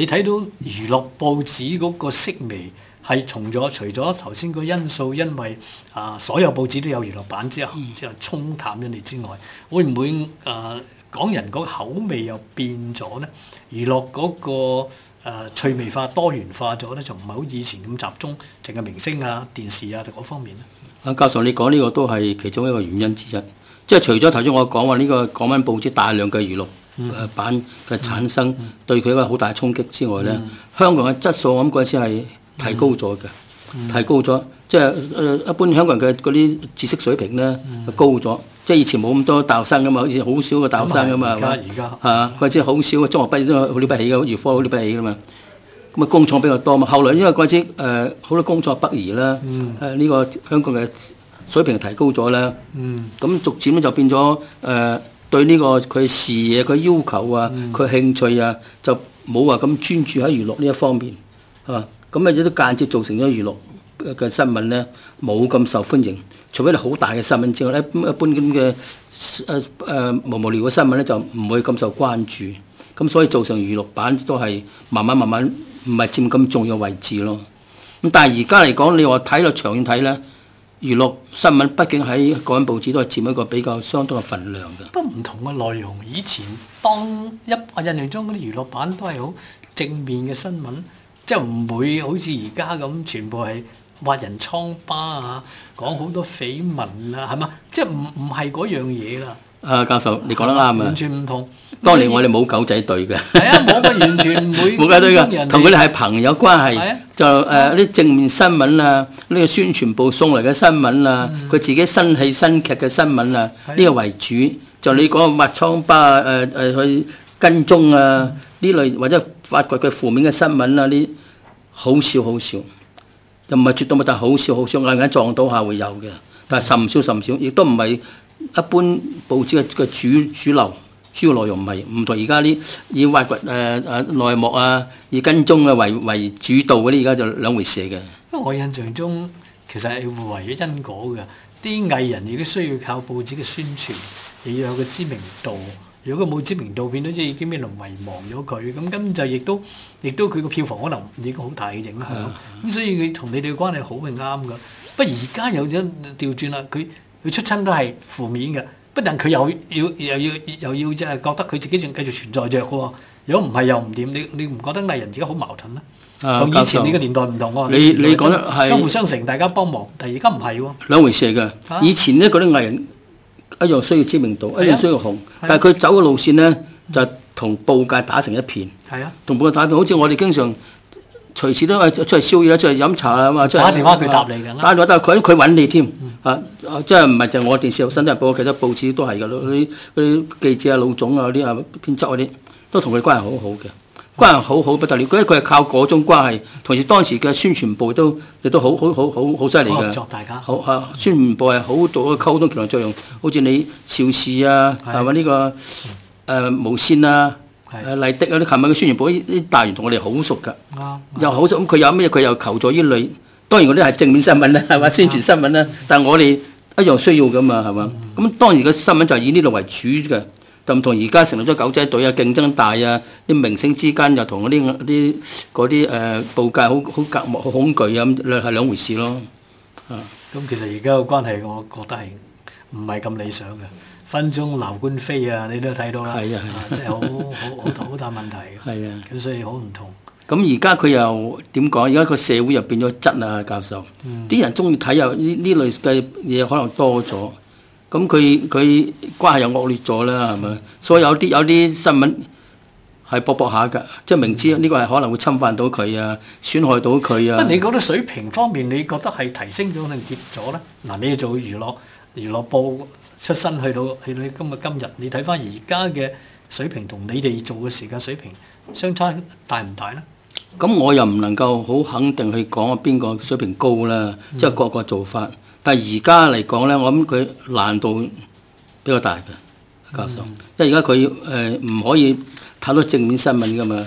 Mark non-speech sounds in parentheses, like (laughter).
你睇到娛樂報紙嗰個色味係從咗，除咗頭先個因素，因為啊所有報紙都有娛樂版之後，之後沖淡咗你之外，會唔會啊港人個口味又變咗呢？娛樂嗰個、啊、趣味化多元化咗呢，就唔係好以前咁集中，淨係明星啊、電視啊就嗰方面咧。啊教授，你講呢個都係其中一個原因之一，即係除咗頭先我講話呢個港聞報紙大量嘅娛樂。誒板嘅產生對佢一個好大嘅衝擊之外咧，香港嘅質素我諗嗰陣時係提高咗嘅，提高咗，即係誒一般香港人嘅嗰啲知識水平咧高咗，即係以前冇咁多大學生噶嘛，以前好少嘅大學生噶嘛，係嘛？而家而家嚇，嗰陣時好少嘅中學畢業都好了不起嘅，如科好了不起噶嘛。咁啊工廠比較多嘛，後來因為嗰陣時誒好多工作北移啦，誒呢個香港嘅水平提高咗咧，咁逐漸咧就變咗誒。對呢、呢個佢視野佢要求啊，佢、嗯、興趣啊，就冇話咁專注喺娛樂呢一方面，嚇咁啊亦都間接造成咗娛樂嘅新聞咧冇咁受歡迎，除非你好大嘅新聞之外咧，一般咁嘅誒誒無無聊嘅新聞咧就唔會咁受關注，咁所以造成娛樂版都係慢慢慢慢唔係佔咁重要位置咯。咁但係而家嚟講，你話睇落長遠睇咧。娛樂新聞畢竟喺港報紙都係佔一個比較相當嘅份量嘅，都唔同嘅內容。以前當一我印象中嗰啲娛樂版都係好正面嘅新聞，即係唔會好似而家咁全部係挖人瘡疤啊，講好多緋聞啦，啊，係嘛？即係唔唔係嗰樣嘢啦。啊，教授，你講得啱啊！完全唔同，當年我哋冇狗仔隊嘅。係 (laughs) 啊，冇乜完全唔會，同佢哋係朋友關係，啊、就誒啲、呃嗯、正面新聞啊，呢、這個宣傳部送嚟嘅新聞啊，佢、嗯、自己新戲新劇嘅新聞啊，呢、嗯、個為主。啊、就你講個麥倉巴誒誒、呃、去跟蹤啊，呢、嗯、類或者發掘佢負面嘅新聞啊，呢好少好少，又唔係絕對冇，但係好少好少，啱啱撞到下會有嘅，但係甚少甚少，亦都唔係。一般報紙嘅嘅主主流主要內容唔係唔同而家啲以挖掘誒誒內幕啊，以跟蹤嘅、啊、為為主導嘅咧，而家就兩回事嘅。因為我印象中其實係互為因果嘅，啲藝人亦都需要靠報紙嘅宣傳，亦要有個知名度。如果佢冇知名度，變咗即係已經俾人遺忘咗佢。咁咁就亦都亦都佢個票房可能已經好大嘅影響。咁、啊、所以佢同你哋嘅關係好係啱嘅。不過而家有咗調轉啦，佢。佢出親都係負面嘅，不但佢又要又要又要即係覺得佢自己仲繼續存在着嘅，如果唔係又唔點，你你唔覺得藝人自己好矛盾咩？咁、啊、以前呢個年代唔同喎，你你講得係相互相成，大家幫忙，但係而家唔係喎。兩回事嚟嘅，啊、以前呢，嗰啲藝人一樣需要知名度，啊、一樣需要紅，啊、但係佢走嘅路線呢，就同報界打成一片，係啊，同報界打成一片，好似我哋經常。隨時都出出嚟燒嘢啦，出嚟飲茶啊嘛，出嚟即係打電話佢答你嘅，打電話但佢佢揾你添、嗯、啊！即係唔係就我電視有新真報，其他報紙都係嘅咯。嗰啲啲記者啊、老總啊、嗰啲啊、編輯嗰啲，都同佢關係好好嘅，關係好好不得了。佢佢係靠嗰種關係，同時當時嘅宣傳部都亦都好好好好好犀利嘅。合作大家。好嚇、啊嗯、宣傳部係好做個溝通橋梁作用，好似你邵氏啊，係咪呢個誒無線啊？誒麗、啊、的嗰啲琴日嘅宣傳部啲大員同我哋好熟㗎，啊啊、又好熟咁佢有咩佢又求助於你，當然嗰啲係正面新聞啦，係嘛、啊、宣傳新聞啦，但係我哋一樣需要㗎嘛，係嘛？咁、嗯、當然個新聞就係以呢度為主嘅，就唔同而家成立咗狗仔隊啊，競爭大啊，啲明星之間又同嗰啲啲嗰啲誒報界好好隔膜、好恐懼啊，係兩回事咯。咁、嗯、其實而家個關係我覺得係唔係咁理想嘅，分鐘鬧官非啊！你都睇到啦，即係好好好大問題。係啊，咁所以好唔同。咁而家佢又點講？而家個社會又變咗質啊，教授。啲、嗯、人中意睇又呢呢類嘅嘢可能多咗，咁佢佢關係又惡劣咗啦，係咪？所以有啲有啲新聞係搏搏下㗎，即係明知呢個係可能會侵犯到佢啊，損害到佢啊。不、嗯、你覺得水平方面，你覺得係提升咗定跌咗咧？嗱、啊，你做娛樂。娛樂部出身去到去到今日，今日你睇翻而家嘅水平同你哋做嘅時間水平相差大唔大呢？咁我又唔能夠好肯定去講邊個水平高啦，即係各個做法。嗯、但係而家嚟講呢，我諗佢難度比較大嘅教授，嗯、因為而家佢誒唔可以睇到正面新聞㗎嘛。